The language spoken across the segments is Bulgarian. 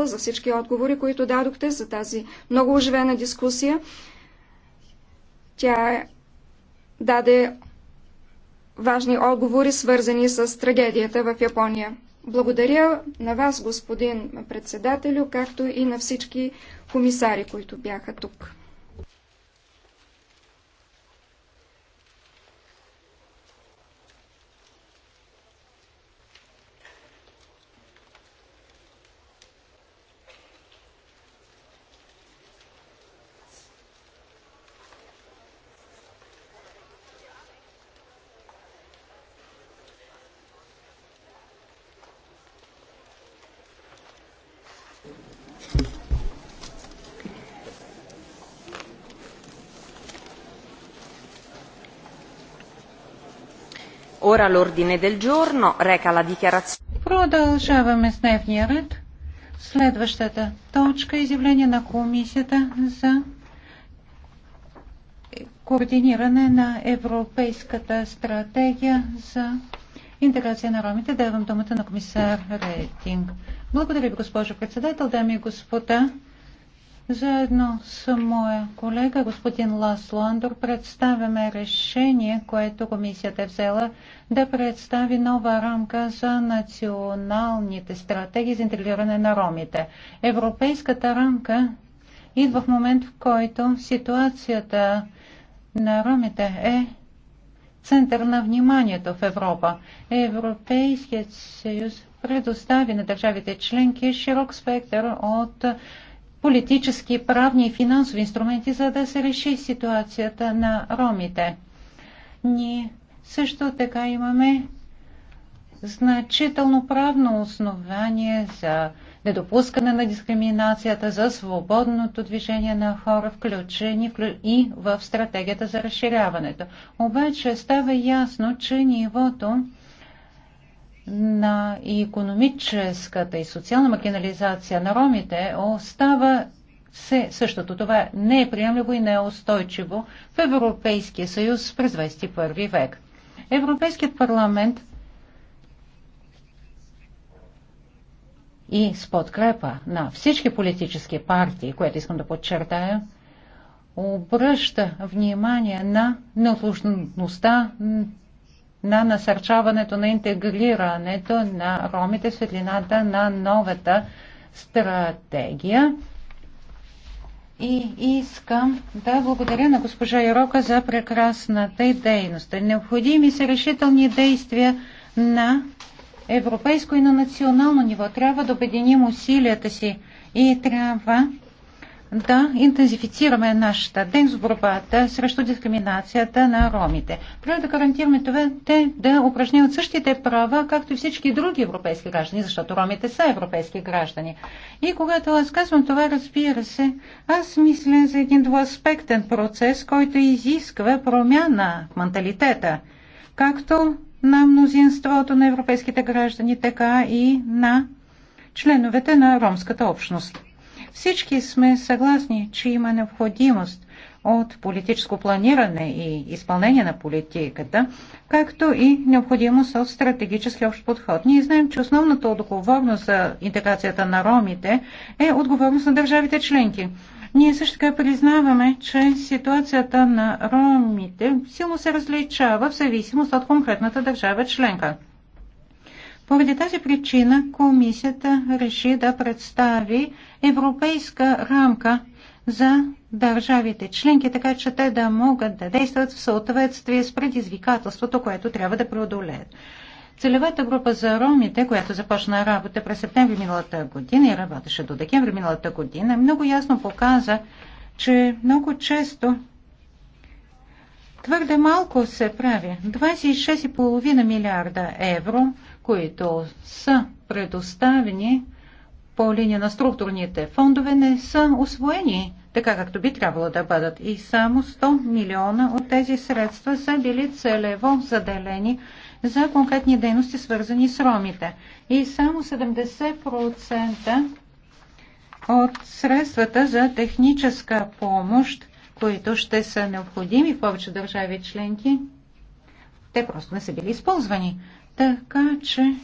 Венесуела, за всички отговори, които дадохте за тази много оживена дискусия. Тя даде важни отговори, свързани с трагедията в Япония. Благодаря на вас, господин председателю, както и на всички комисари, които бяха тук. Ora l'ordine del giorno reca la dichiarazione. Продължаваме с дневния ред. Следващата точка е изявление на комисията за координиране на Европейската стратегия за интеграция на ромите. Давам думата на комисар Рейтинг. Благодаря ви, госпожо председател, дами и господа. Заедно с моя колега, господин Лас Ландор, представяме решение, което комисията е взела да представи нова рамка за националните стратегии за интегриране на ромите. Европейската рамка идва в момент, в който ситуацията на ромите е център на вниманието в Европа. Европейският съюз предостави на държавите членки широк спектър от политически, правни и финансови инструменти, за да се реши ситуацията на ромите. Ние също така имаме значително правно основание за недопускане на дискриминацията, за свободното движение на хора, включени и в стратегията за разширяването. Обаче става ясно, че нивото на економическата и социална маргинализация на ромите остава се същото. Това не е приемливо и не е устойчиво в Европейския съюз през 21 век. Европейският парламент и с подкрепа на всички политически партии, което искам да подчертая, обръща внимание на неотложността на насърчаването на интегрирането на ромите в светлината на новата стратегия. И искам да благодаря на госпожа Ирока за прекрасната и дейност. Необходими са решителни действия на европейско и на национално ниво. Трябва да обединим усилията си и трябва да интензифицираме нашата ден с борбата срещу дискриминацията на ромите. Трябва да гарантираме това те да упражняват същите права, както и всички други европейски граждани, защото ромите са европейски граждани. И когато аз казвам това, разбира се, аз мисля за един двуаспектен процес, който изисква промяна в менталитета, както на мнозинството на европейските граждани, така и на членовете на ромската общност. Всички сме съгласни, че има необходимост от политическо планиране и изпълнение на политиката, както и необходимост от стратегически общ подход. Ние знаем, че основната отговорност за интеграцията на ромите е отговорност на държавите членки. Ние също така признаваме, че ситуацията на ромите силно се различава в зависимост от конкретната държава членка. Поради тази причина комисията реши да представи европейска рамка за държавите членки, така че те да могат да действат в съответствие с предизвикателството, което трябва да преодолеят. Целевата група за ромите, която започна работа през септември миналата година и работеше до декември миналата година, много ясно показа, че много често твърде малко се прави. 26,5 милиарда евро, които са предоставени по линия на структурните фондове не са освоени така както би трябвало да бъдат. И само 100 милиона от тези средства са били целево заделени за конкретни дейности, свързани с ромите. И само 70% от средствата за техническа помощ, които ще са необходими в повече държави членки, те просто не са били използвани. Така че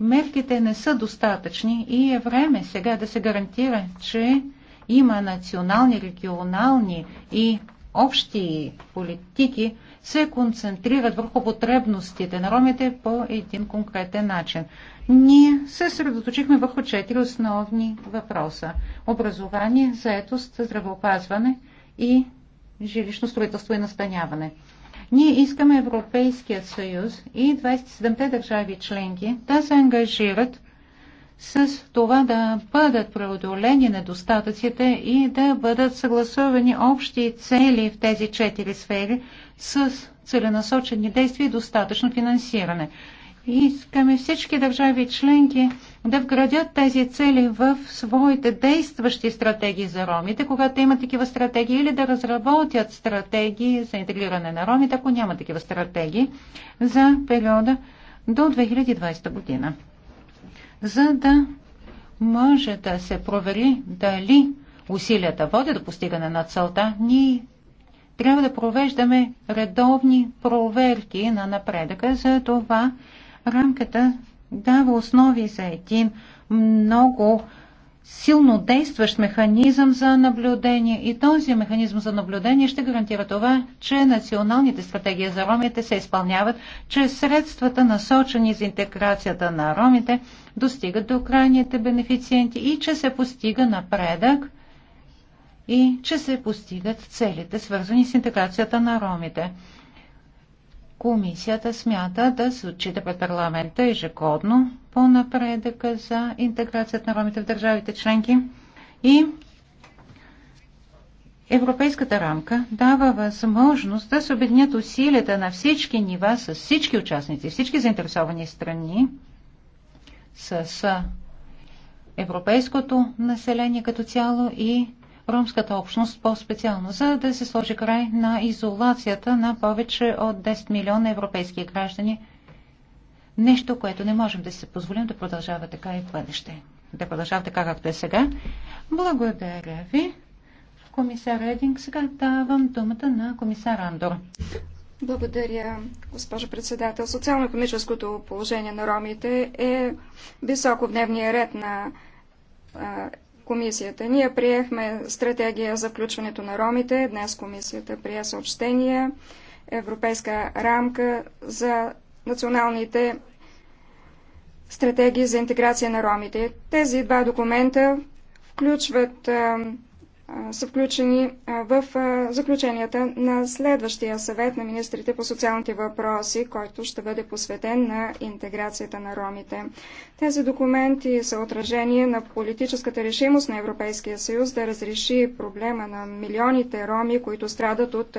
мерките не са достатъчни и е време сега да се гарантира, че има национални, регионални и общи политики се концентрират върху потребностите на ромите по един конкретен начин. Ние се средоточихме върху четири основни въпроса. Образование, заетост, здравеопазване и жилищно строителство и настаняване. Ние искаме Европейският съюз и 27-те държави членки да се ангажират с това да бъдат преодолени недостатъците и да бъдат съгласувани общи цели в тези четири сфери с целенасочени действия и достатъчно финансиране. Искаме всички държави членки да вградят тези цели в своите действащи стратегии за ромите, когато имат такива стратегии, или да разработят стратегии за интегриране на ромите, ако няма такива стратегии, за периода до 2020 година. За да може да се провери дали усилията водят до постигане на целта, ние трябва да провеждаме редовни проверки на напредъка за това рамката дава основи за един много силно действащ механизъм за наблюдение и този механизъм за наблюдение ще гарантира това, че националните стратегии за ромите се изпълняват, че средствата насочени за интеграцията на ромите достигат до крайните бенефициенти и че се постига напредък и че се постигат целите, свързани с интеграцията на ромите. Комисията смята да се отчита пред парламента ежегодно по напредъка за интеграцията на ромите в държавите членки и Европейската рамка дава възможност да се обединят усилията на всички нива с всички участници, всички заинтересовани страни, с европейското население като цяло и ромската общност по-специално, за да се сложи край на изолацията на повече от 10 милиона европейски граждани. Нещо, което не можем да се позволим да продължава така и в бъдеще. Да продължава така, както е сега. Благодаря ви. Комисар Рединг, сега давам думата на комисар Андор. Благодаря, госпожо председател. Социално-економическото положение на ромите е високо в дневния ред на комисията. Ние приехме стратегия за включването на ромите, днес комисията прие съобщения, европейска рамка за националните стратегии за интеграция на ромите. Тези два документа включват са включени в заключенията на следващия съвет на министрите по социалните въпроси, който ще бъде посветен на интеграцията на ромите. Тези документи са отражение на политическата решимост на Европейския съюз да разреши проблема на милионите роми, които страдат от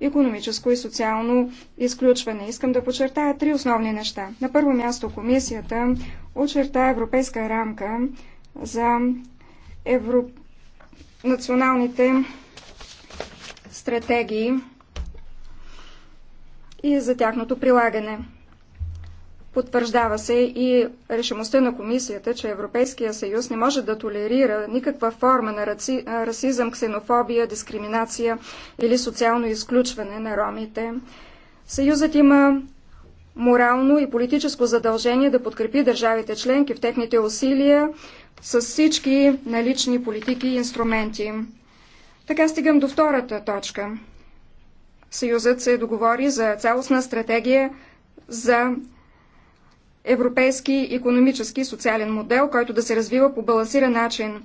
економическо и социално изключване. Искам да подчертая три основни неща. На първо място комисията очерта европейска рамка за Европейския националните стратегии и за тяхното прилагане. Потвърждава се и решимостта на комисията, че Европейския съюз не може да толерира никаква форма на расизъм, ксенофобия, дискриминация или социално изключване на ромите. Съюзът има морално и политическо задължение да подкрепи държавите членки в техните усилия с всички налични политики и инструменти. Така стигам до втората точка. Съюзът се договори за цялостна стратегия за европейски економически и социален модел, който да се развива по балансиран начин.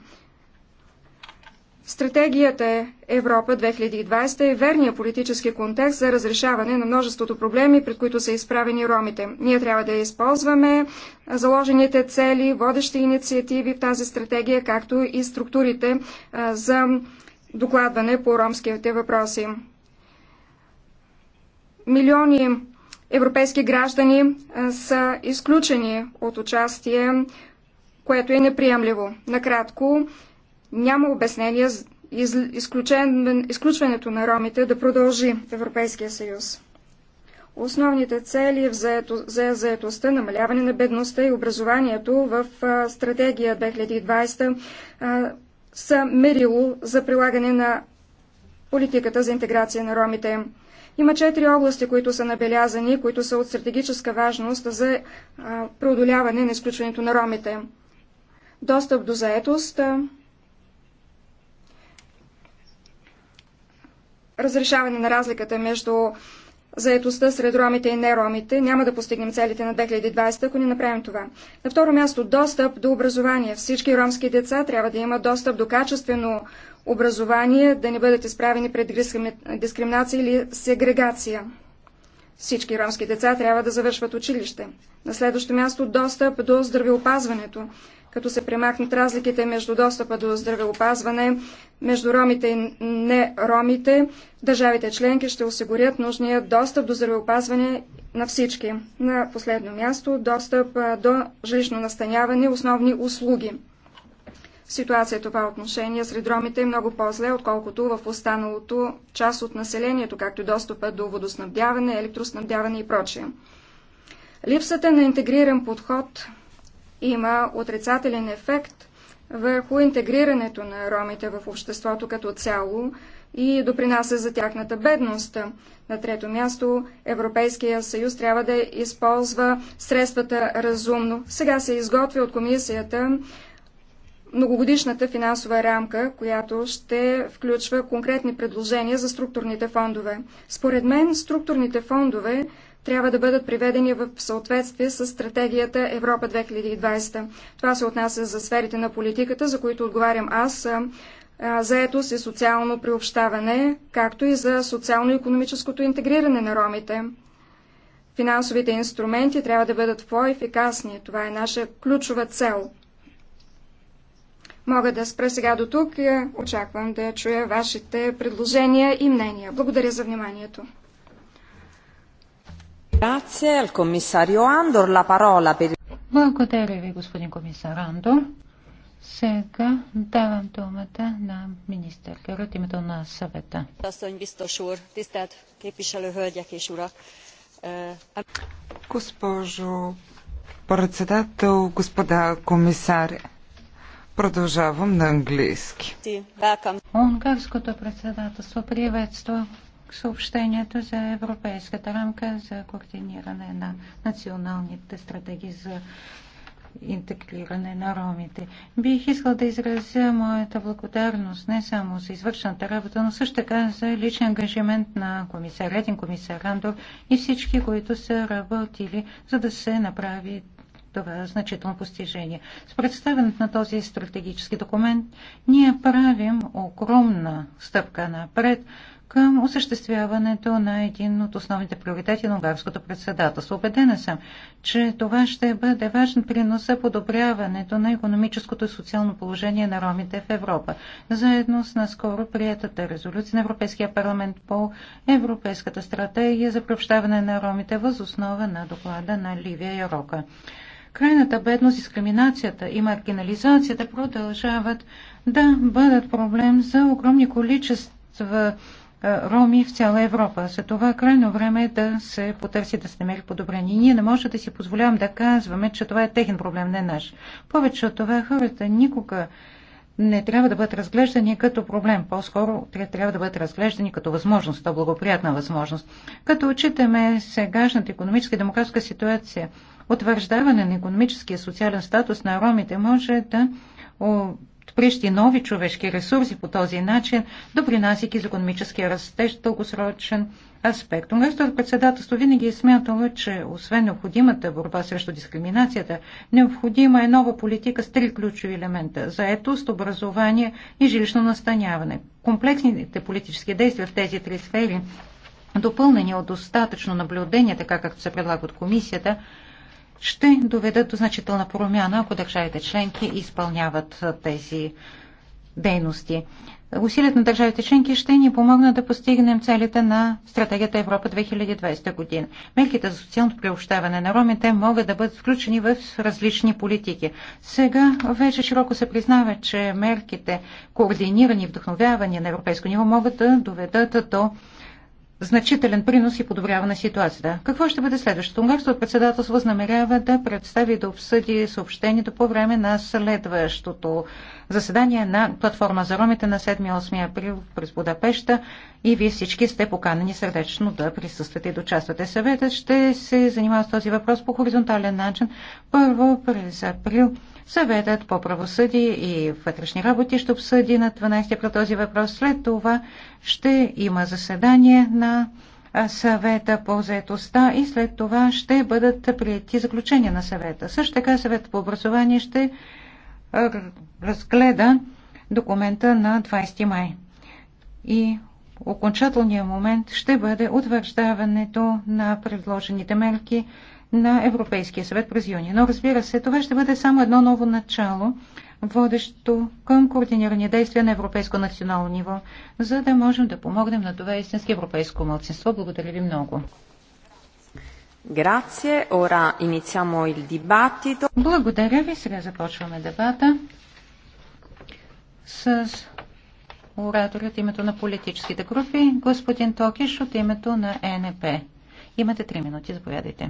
Стратегията е Европа 2020 е верния политически контекст за разрешаване на множеството проблеми, пред които са изправени ромите. Ние трябва да използваме заложените цели, водещи инициативи в тази стратегия, както и структурите за докладване по ромските въпроси. Милиони европейски граждани са изключени от участие, което е неприемливо. Накратко, няма обяснение из, изключен, изключването на ромите да продължи в Европейския съюз. Основните цели за заетостта, намаляване на бедността и образованието в а, стратегия 2020 а, са мерило за прилагане на политиката за интеграция на ромите. Има четири области, които са набелязани, които са от стратегическа важност за преодоляване на изключването на ромите. Достъп до заетост, разрешаване на разликата между заедостта сред ромите и неромите. Няма да постигнем целите на 2020, ако не направим това. На второ място, достъп до образование. Всички ромски деца трябва да имат достъп до качествено образование, да не бъдат изправени пред дискриминация или сегрегация. Всички ромски деца трябва да завършват училище. На следващо място достъп до здравеопазването, като се премахнат разликите между достъпа до здравеопазване, между ромите и неромите, държавите членки ще осигурят нужния достъп до здравеопазване на всички. На последно място достъп до жилищно настаняване, основни услуги. Ситуацията това отношение сред ромите е много по-зле, отколкото в останалото част от населението, както достъпа до водоснабдяване, електроснабдяване и прочее. Липсата на интегриран подход има отрицателен ефект върху интегрирането на ромите в обществото като цяло и допринася за тяхната бедност. На трето място Европейския съюз трябва да използва средствата разумно. Сега се изготвя от комисията многогодишната финансова рамка, която ще включва конкретни предложения за структурните фондове. Според мен, структурните фондове трябва да бъдат приведени в съответствие с стратегията Европа 2020. Това се отнася за сферите на политиката, за които отговарям аз, заетост и социално приобщаване, както и за социално-економическото интегриране на ромите. Финансовите инструменти трябва да бъдат по-ефикасни. Това е наша ключова цел – Мога да спра сега до тук. Е, очаквам да чуя вашите предложения и мнения. Благодаря за вниманието. Благодаря ви, господин комисар Андо. Сега давам думата на министър от името на съвета. Е, Госпожо председател, господа комисаря, Продължавам на английски. Унгарското председателство приветства съобщението за европейската рамка за координиране на националните стратегии за интегриране на ромите. Бих искал да изразя моята благодарност не само за извършената работа, но също така за личен ангажимент на комисар Редин, комисар Рандор и всички, които са работили, за да се направи това е значително постижение. С представенето на този стратегически документ ние правим огромна стъпка напред към осъществяването на един от основните приоритети на унгарското председателство. Обедена съм, че това ще бъде важен принос за подобряването на економическото и социално положение на ромите в Европа, заедно с наскоро приятата резолюция на Европейския парламент по Европейската стратегия за приобщаване на ромите въз основа на доклада на Ливия Ярока. Крайната бедност, дискриминацията и маргинализацията продължават да бъдат проблем за огромни количества е, роми в цяла Европа. За това крайно време е да се потърси да се намери подобрение. Ние не можем да си позволявам да казваме, че това е техен проблем, не наш. Повече от това хората никога не трябва да бъдат разглеждани като проблем. По-скоро трябва да бъдат разглеждани като възможност, то благоприятна възможност. Като отчитаме сегашната економическа и демократска ситуация, утвърждаване на економическия социален статус на ромите може да прищи нови човешки ресурси по този начин, допринасяйки за економическия растеж дългосрочен аспект. Унгарското председателство винаги е смятало, че освен необходимата борба срещу дискриминацията, необходима е нова политика с три ключови елемента – заетост, образование и жилищно настаняване. Комплексните политически действия в тези три сфери допълнени от достатъчно наблюдение, така както се предлага от комисията, ще доведат до значителна промяна, ако държавите членки изпълняват тези дейности. Усилият на държавите членки ще ни помогнат да постигнем целите на стратегията Европа 2020 година. Мерките за социалното приобщаване на ромите могат да бъдат включени в различни политики. Сега вече широко се признава, че мерките, координирани и вдъхновявани на европейско ниво, могат да доведат до значителен принос и подобряване на ситуацията. Какво ще бъде следващото? Унгарското председателство възнамерява да представи и да обсъди съобщението по време на следващото заседание на платформа за ромите на 7-8 април през Будапешта и вие всички сте поканени сърдечно да присъствате и да участвате. Съветът ще се занимава с този въпрос по хоризонтален начин. Първо през април Съветът по правосъдие и вътрешни работи ще обсъди на 12 про този въпрос. След това ще има заседание на съвета по заедостта и след това ще бъдат прияти заключения на съвета. Също така съвет по образование ще разгледа документа на 20 май. И окончателният момент ще бъде утвърждаването на предложените мерки на Европейския съвет през юни. Но разбира се, това ще бъде само едно ново начало, водещо към координирани действия на европейско национално ниво, за да можем да помогнем на това истински европейско младсинство. Благодаря ви много. Благодаря ви. Сега започваме дебата с оратори от името на политическите групи. Господин Токиш от името на ЕНП. Имате три минути. Заповядайте.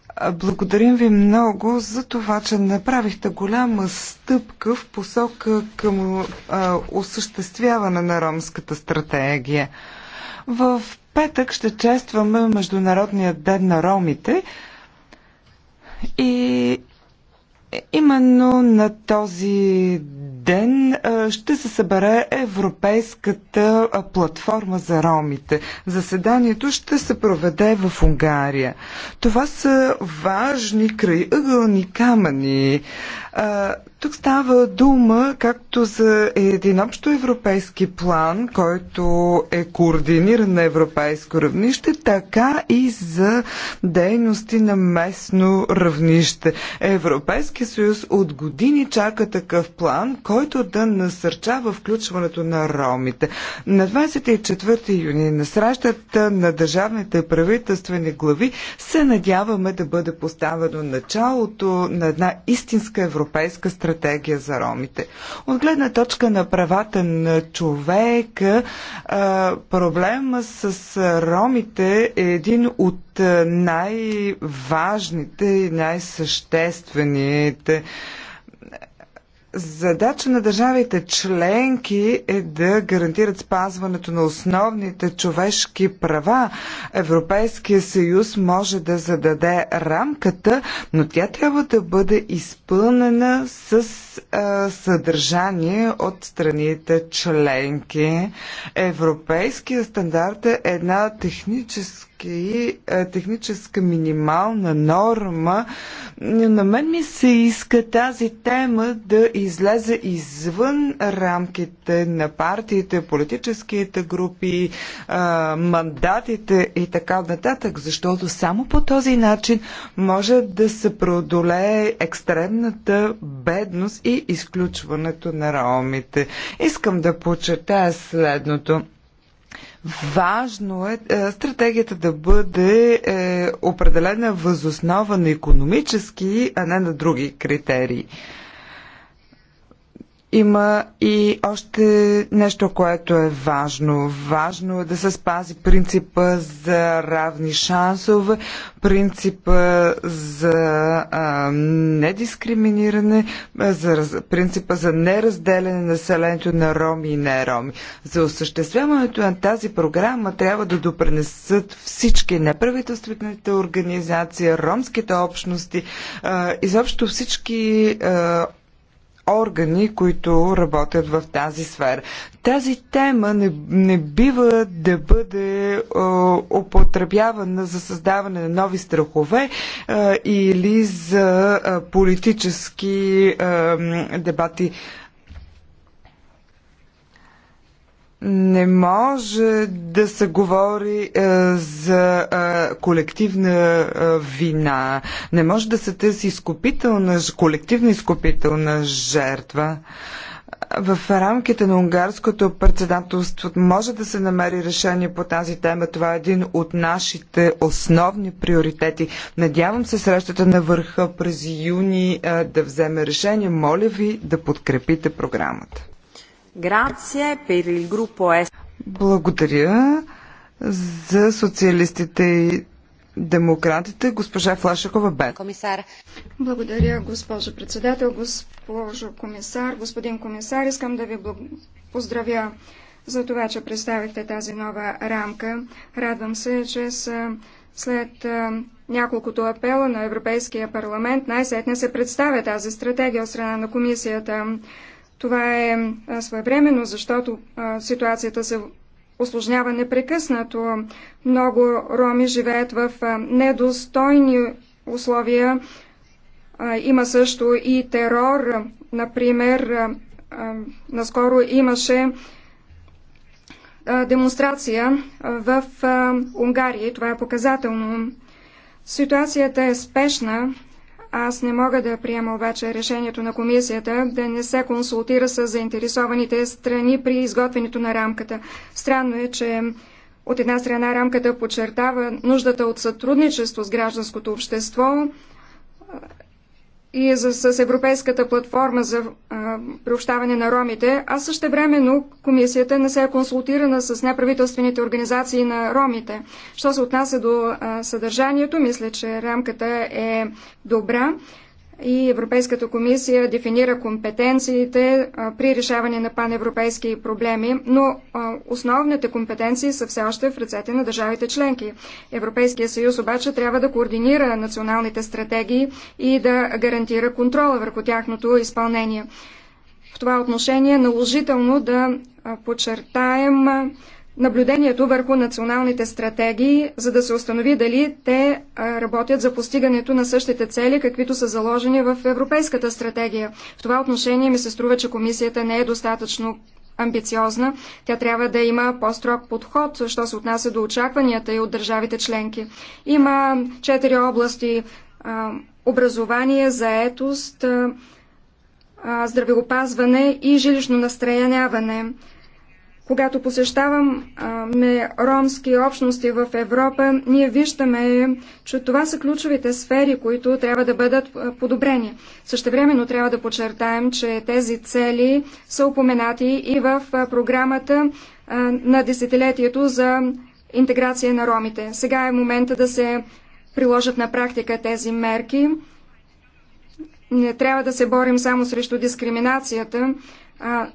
Благодарим ви много за това, че направихте голяма стъпка в посока към а, осъществяване на ромската стратегия. В петък ще честваме Международния ден на ромите и Именно на този ден ще се събере Европейската платформа за ромите. Заседанието ще се проведе в Унгария. Това са важни крайъгълни камъни. Тук става дума както за един общо европейски план, който е координиран на европейско равнище, така и за дейности на местно равнище. Европейски Европейския съюз от години чака такъв план, който да насърчава включването на ромите. На 24 юни на срещата на държавните правителствени глави се надяваме да бъде поставено началото на една истинска европейска стратегия за ромите. От гледна точка на правата на човека, проблема с ромите е един от е, най-важните и най-съществените. Задача на държавите членки е да гарантират спазването на основните човешки права. Европейския съюз може да зададе рамката, но тя трябва да бъде изпълнена с съдържание от страните членки. Европейския стандарт е една технически, техническа минимална норма. На мен ми се иска тази тема да излезе извън рамките на партиите, политическите групи, мандатите и така нататък, защото само по този начин може да се преодолее екстремната бедност и изключването на раомите. Искам да почетая следното. Важно е, е стратегията да бъде е, определена възоснова на економически, а не на други критерии. Има и още нещо, което е важно. Важно е да се спази принципа за равни шансове, принципа за а, недискриминиране, за, принципа за неразделяне населението на роми и роми. За осъществяването на тази програма трябва да допренесат всички неправителствените организации, ромските общности, а, изобщо всички а, органи, които работят в тази сфера. Тази тема не, не бива да бъде е, употребявана за създаване на нови страхове е, или за е, политически е, дебати. Не може да се говори а, е, за а, е, колективна а, е, вина. Не може да се тези изкупителна, колективна изкупителна жертва. В рамките на унгарското председателство може да се намери решение по тази тема. Това е един от нашите основни приоритети. Надявам се срещата на върха през юни да вземе решение. Моля ви да подкрепите програмата. Е. Благодаря за социалистите и демократите, госпожа Флашакова бе. Комисар. Благодаря, госпожо председател, госпожо комисар, господин комисар. Искам да ви поздравя за това, че представихте тази нова рамка. Радвам се, че са след няколкото апела на Европейския парламент най-сетне се представя тази стратегия от страна на комисията. Това е своевременно, защото ситуацията се осложнява непрекъснато. Много роми живеят в недостойни условия. Има също и терор. Например, наскоро имаше демонстрация в Унгария. Това е показателно. Ситуацията е спешна аз не мога да приема обаче решението на комисията да не се консултира с заинтересованите страни при изготвянето на рамката. Странно е, че от една страна рамката подчертава нуждата от сътрудничество с гражданското общество, и за, с Европейската платформа за а, приобщаване на ромите, а също времено комисията не се е консултирана с неправителствените организации на ромите. Що се отнася до а, съдържанието, мисля, че рамката е добра и Европейската комисия дефинира компетенциите при решаване на паневропейски проблеми, но основните компетенции са все още в ръцете на държавите членки. Европейския съюз обаче трябва да координира националните стратегии и да гарантира контрола върху тяхното изпълнение. В това отношение е наложително да подчертаем наблюдението върху националните стратегии, за да се установи дали те работят за постигането на същите цели, каквито са заложени в Европейската стратегия. В това отношение ми се струва, че комисията не е достатъчно амбициозна. Тя трябва да има по-строг подход, що се отнася до очакванията и от държавите членки. Има четири области образование, заетост, здравеопазване и жилищно настрояване. Когато посещавам ме ромски общности в Европа, ние виждаме, че това са ключовите сфери, които трябва да бъдат подобрени. Същевременно трябва да подчертаем, че тези цели са упоменати и в програмата на десетилетието за интеграция на ромите. Сега е момента да се приложат на практика тези мерки. Не трябва да се борим само срещу дискриминацията,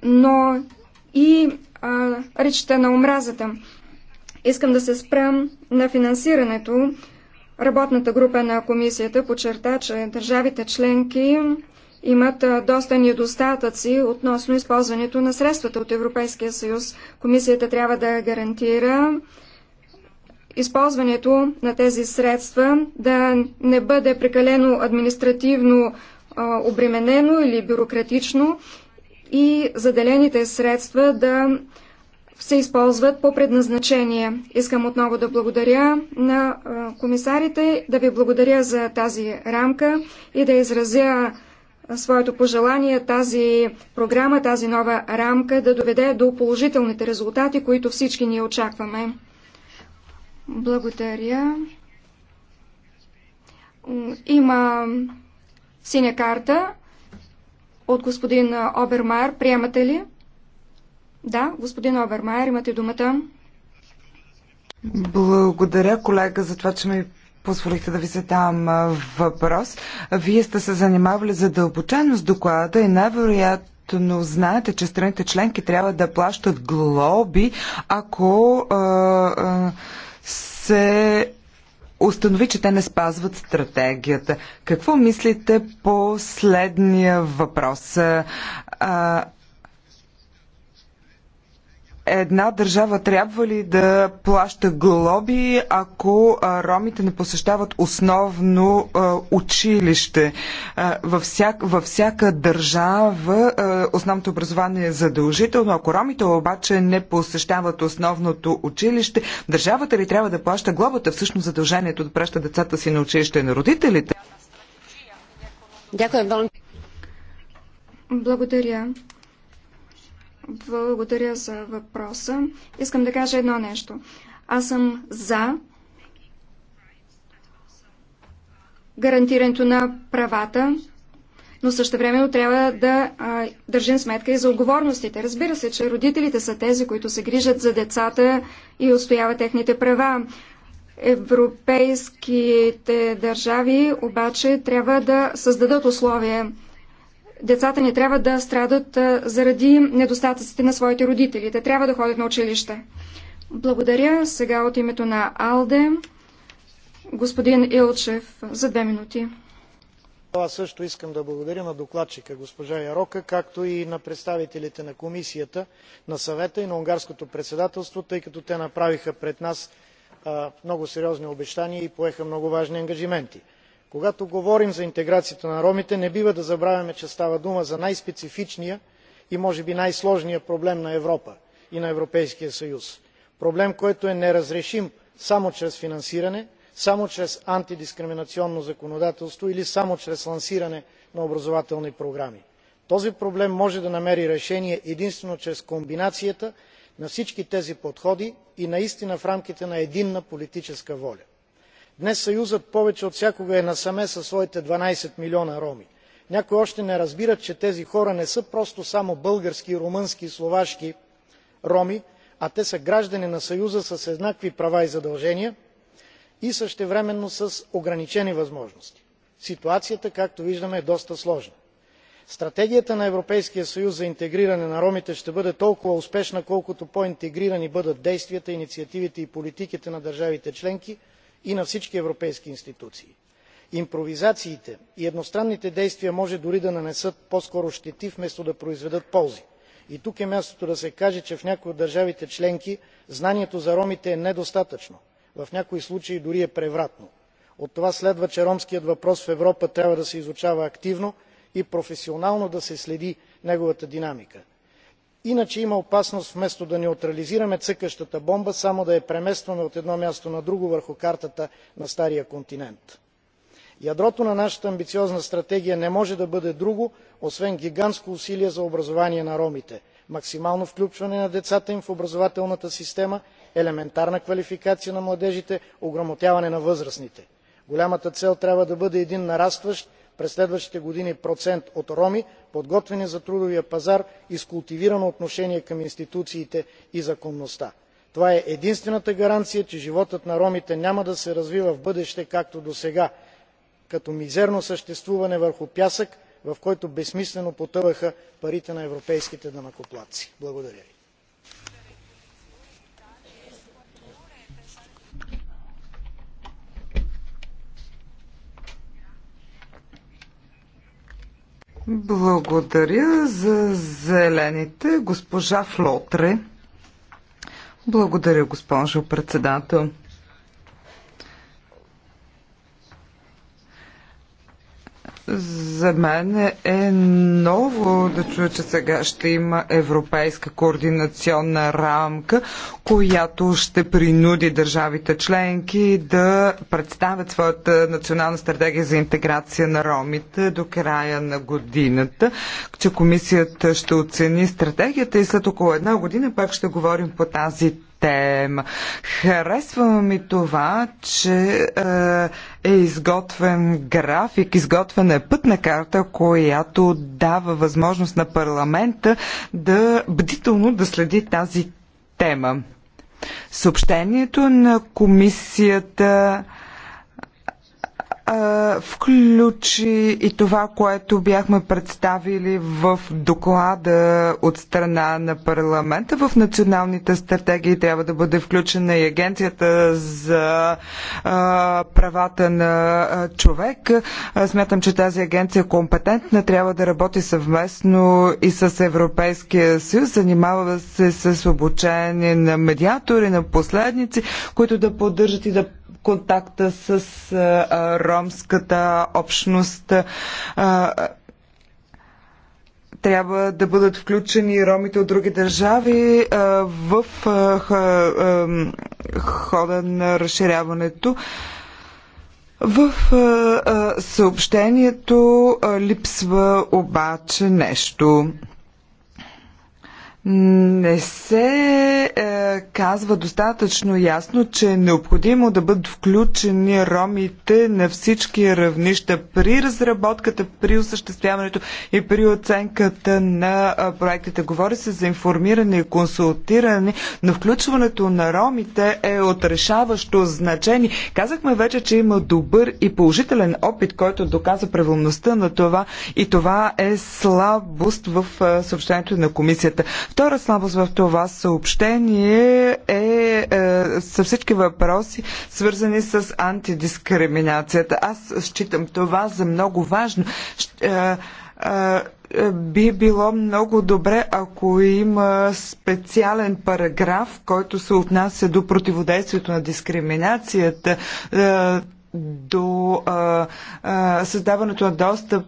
но и а, речта на омразата. Искам да се спрям на финансирането. Работната група на комисията подчерта, че държавите членки имат доста недостатъци относно използването на средствата от Европейския съюз. Комисията трябва да гарантира използването на тези средства да не бъде прекалено административно обременено или бюрократично и заделените средства да се използват по предназначение. Искам отново да благодаря на комисарите, да ви благодаря за тази рамка и да изразя своето пожелание тази програма, тази нова рамка да доведе до положителните резултати, които всички ние очакваме. Благодаря. Има синя карта от господин Обермайер. Приемате ли? Да, господин Обермайер, имате думата. Благодаря, колега, за това, че ми позволихте да ви задам въпрос. Вие сте се занимавали задълбочено с доклада и най-вероятно но знаете, че страните членки трябва да плащат глоби, ако а, а, се установи, че те не спазват стратегията. Какво мислите по следния въпрос? А, една държава трябва ли да плаща глоби, ако ромите не посещават основно училище? Във, във всяка държава основното образование е задължително. Ако ромите обаче не посещават основното училище, държавата ли трябва да плаща глобата? Всъщност задължението да праща децата си на училище на родителите? Благодаря. Благодаря за въпроса. Искам да кажа едно нещо. Аз съм за гарантирането на правата, но също време трябва да а, държим сметка и за отговорностите. Разбира се, че родителите са тези, които се грижат за децата и устояват техните права. Европейските държави обаче трябва да създадат условия Децата не трябва да страдат заради недостатъците на своите родители. Те трябва да ходят на училище. Благодаря. Сега от името на Алде, господин Илчев, за две минути. Аз също искам да благодаря на докладчика госпожа Ярока, както и на представителите на комисията, на съвета и на унгарското председателство, тъй като те направиха пред нас много сериозни обещания и поеха много важни ангажименти когато говорим за интеграцията на ромите не бива да забравяме че става дума за най специфичния и може би най сложния проблем на европа и на европейския съюз проблем който е неразрешим само чрез финансиране само чрез антидискриминационно законодателство или само чрез лансиране на образователни програми. този проблем може да намери решение единствено чрез комбинацията на всички тези подходи и наистина в рамките на единна политическа воля днес съюзът повече от всякога е насаме със своите дванадесет милиона роми. някои още не разбират че тези хора не са просто само български румънски и словашки роми а те са граждани на съюза с еднакви права и задължения и същевременно с ограничени възможности. ситуацията както виждаме е доста сложна. стратегията на европейския съюз за интегриране на ромите ще бъде толкова успешна колкото по интегрирани бъдат действията инициативите и политиките на държавите членки и на всички европейски институции. импровизациите и едностранните действия може дори да нанесат по скоро щети вместо да произведат ползи и тук е мястото да се каже че в някои от държавите членки знанието за ромите е недостатъчно в някои случаи дори е превратно. от това следва че ромският въпрос в европа трябва да се изучава активно и професионално да се следи неговата динамика иначе има опасност вместо да неутрализираме цъкащата бомба само да я преместваме от едно място на друго върху картата на стария континент. ядрото на нашата амбициозна стратегия не може да бъде друго освен гигантско усилие за образование на ромите максимално включване на децата им в образователната система елементарна квалификация на младежите ограмотяване на възрастните. голямата цел трябва да бъде един нарастващ през следващите години процент от роми подготвени за трудовия пазар и с култивирано отношение към институциите и законността. това е единствената гаранция че животът на ромите няма да се развива в бъдеще както досега като мизерно съществуване върху пясък в който безсмислено потъваха парите на европейските данъкоплатци. благодаря ви. Благодаря за зелените, госпожа Флотре. Благодаря, госпожо председател. За мен е ново да чуя, че сега ще има европейска координационна рамка, която ще принуди държавите членки да представят своята национална стратегия за интеграция на ромите до края на годината, че комисията ще оцени стратегията и след около една година пак ще говорим по тази тема. Харесва ми това, че е, е изготвен график, изготвена е пътна карта, която дава възможност на парламента да бдително да следи тази тема. Съобщението на комисията включи и това, което бяхме представили в доклада от страна на парламента. В националните стратегии трябва да бъде включена и Агенцията за правата на човек. Смятам, че тази агенция е компетентна, трябва да работи съвместно и с Европейския съюз. Занимава се с обучение на медиатори, на последници, които да поддържат и да контакта с ромската общност трябва да бъдат включени ромите от други държави в хода на разширяването. В съобщението липсва обаче нещо не се е, казва достатъчно ясно, че е необходимо да бъдат включени ромите на всички равнища при разработката, при осъществяването и при оценката на проектите. Говори се за информиране и консултиране, но включването на ромите е от решаващо значение. Казахме вече, че има добър и положителен опит, който доказва правилността на това и това е слабост в съобщението на комисията. Втора слабост в това съобщение е, е са всички въпроси, свързани с антидискриминацията. Аз считам това за много важно. Е, е, е, би било много добре, ако има специален параграф, който се отнася до противодействието на дискриминацията, до създаването на достъп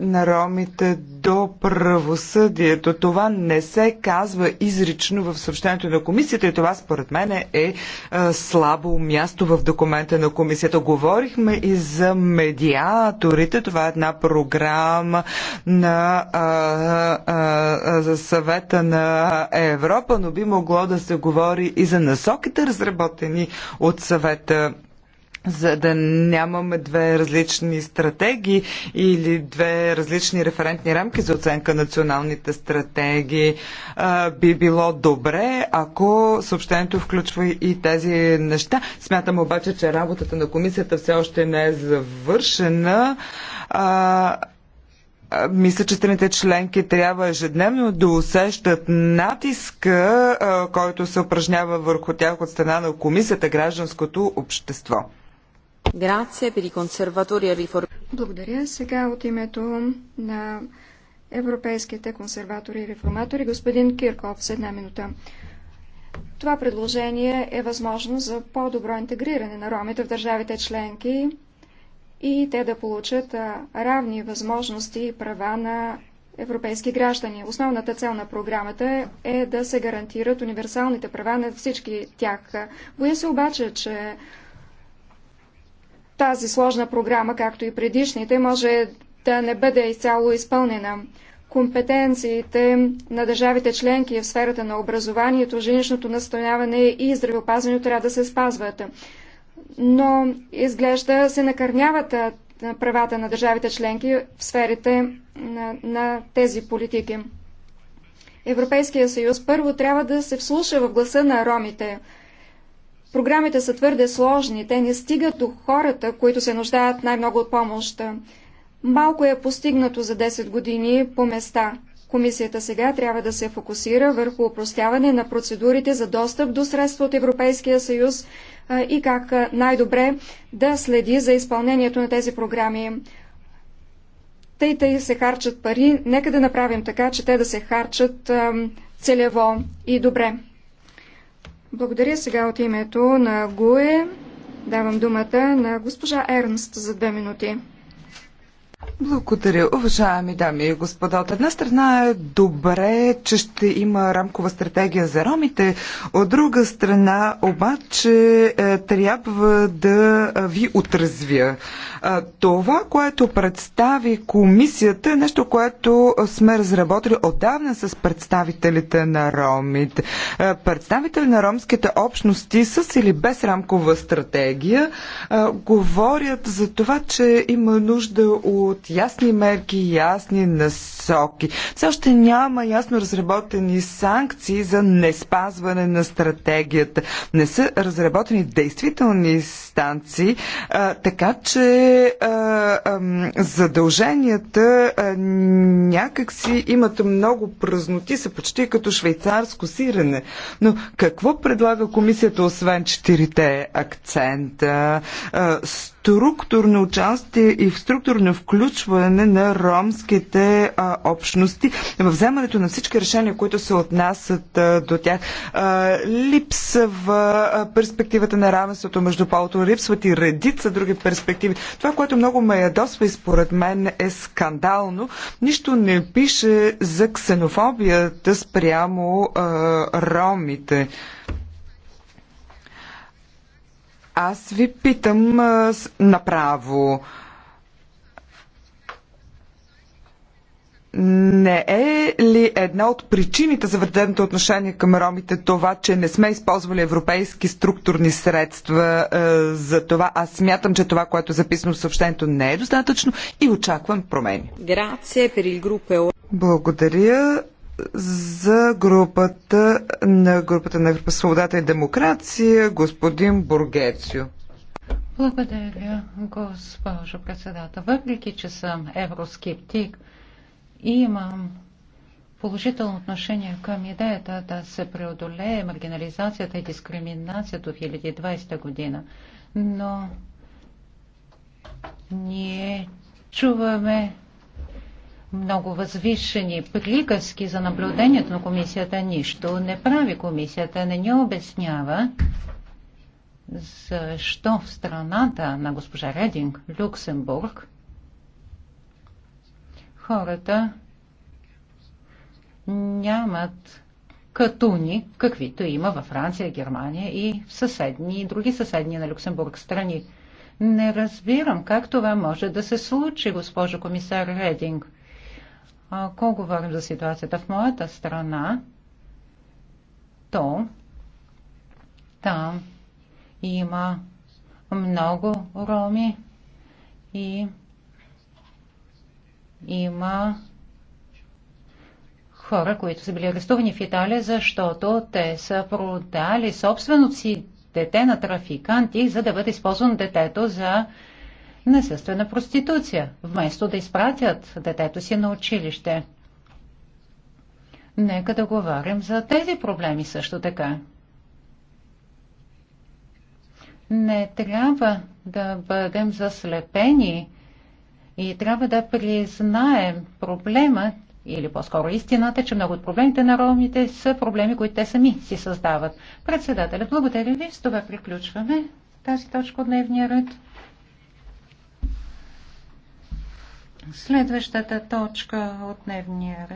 на ромите до правосъдието. Това не се казва изрично в съобщението на комисията и това според мен е, е слабо място в документа на комисията. Говорихме и за медиаторите. Това е една програма на а, а, за съвета на Европа, но би могло да се говори и за насоките, разработени от съвета за да нямаме две различни стратегии или две различни референтни рамки за оценка на националните стратегии. Би било добре, ако съобщението включва и тези неща. Смятам обаче, че работата на комисията все още не е завършена. Мисля, че страните членки трябва ежедневно да усещат натиска, който се упражнява върху тях от страна на комисията, гражданското общество. E Благодаря. Сега от името на европейските консерватори и реформатори, господин Кирков, с една минута. Това предложение е възможно за по-добро интегриране на ромите в държавите членки и те да получат равни възможности и права на европейски граждани. Основната цел на програмата е да се гарантират универсалните права на всички тях. Боя се обаче, че тази сложна програма, както и предишните, може да не бъде изцяло изпълнена. Компетенциите на държавите членки в сферата на образованието, женичното настояване и здравеопазването трябва да се спазват. Но изглежда се накърняват правата на държавите членки в сферите на, на тези политики. Европейския съюз първо трябва да се вслуша в гласа на ромите. Програмите са твърде сложни, те не стигат до хората, които се нуждаят най-много от помощ. Малко е постигнато за 10 години по места. Комисията сега трябва да се фокусира върху упростяване на процедурите за достъп до средства от Европейския съюз и как най-добре да следи за изпълнението на тези програми. Тъй тъй се харчат пари, нека да направим така, че те да се харчат целево и добре. Благодаря сега от името на ГУЕ. Давам думата на госпожа Ернст за две минути. Благодаря, уважаеми дами и господа. От една страна е добре, че ще има рамкова стратегия за ромите, от друга страна обаче е, трябва да ви отразвя. Е, това, което представи комисията е нещо, което сме разработили отдавна с представителите на ромите. Е, представители на ромските общности с или без рамкова стратегия говорят за това, че има нужда от ясни мерки, ясни насоки. Все още няма ясно разработени санкции за неспазване на стратегията. Не са разработени действителни станции, а, така че а, а, задълженията а, някакси имат много празноти, са почти като швейцарско сирене. Но какво предлага комисията, освен четирите акцента? А, структурно участие и в структурно включване на ромските а, общности в вземането на всички решения, които се отнасят а, до тях. А, в а, перспективата на равенството между полото, липсват и редица други перспективи. Това, което много ме ядосва и според мен е скандално, нищо не пише за ксенофобията спрямо а, ромите. Аз ви питам а, направо. Не е ли една от причините за вредното отношение към ромите това, че не сме използвали европейски структурни средства е, за това? Аз смятам, че това, което е записано в съобщението, не е достатъчно и очаквам промени. Благодаря за групата на групата на Европа Свободата и демокрация, господин Бургецио. Благодаря, госпожо председател. Въпреки, че съм евроскептик, имам положително отношение към идеята да се преодолее маргинализацията и дискриминацията в 2020 година. Но ние чуваме много възвишени приказки за наблюдението на комисията нищо не прави. Комисията не ни обяснява защо в страната на госпожа Рединг, Люксембург, хората нямат катуни, каквито има във Франция, Германия и в съседни и други съседни на Люксембург страни. Не разбирам как това може да се случи, госпожо комисар Рединг. Ако говорим за ситуацията в моята страна, то там има много роми и има хора, които са били арестувани в Италия, защото те са продали собственото си дете на трафиканти, за да бъде използвано детето за насилствена проституция, вместо да изпратят детето си на училище. Нека да говорим за тези проблеми също така. Не трябва да бъдем заслепени и трябва да признаем проблема или по-скоро истината, че много от проблемите на ромите са проблеми, които те сами си създават. Председателя, благодаря ви. С това приключваме тази точка от дневния ред. Следващата точка от дневния ред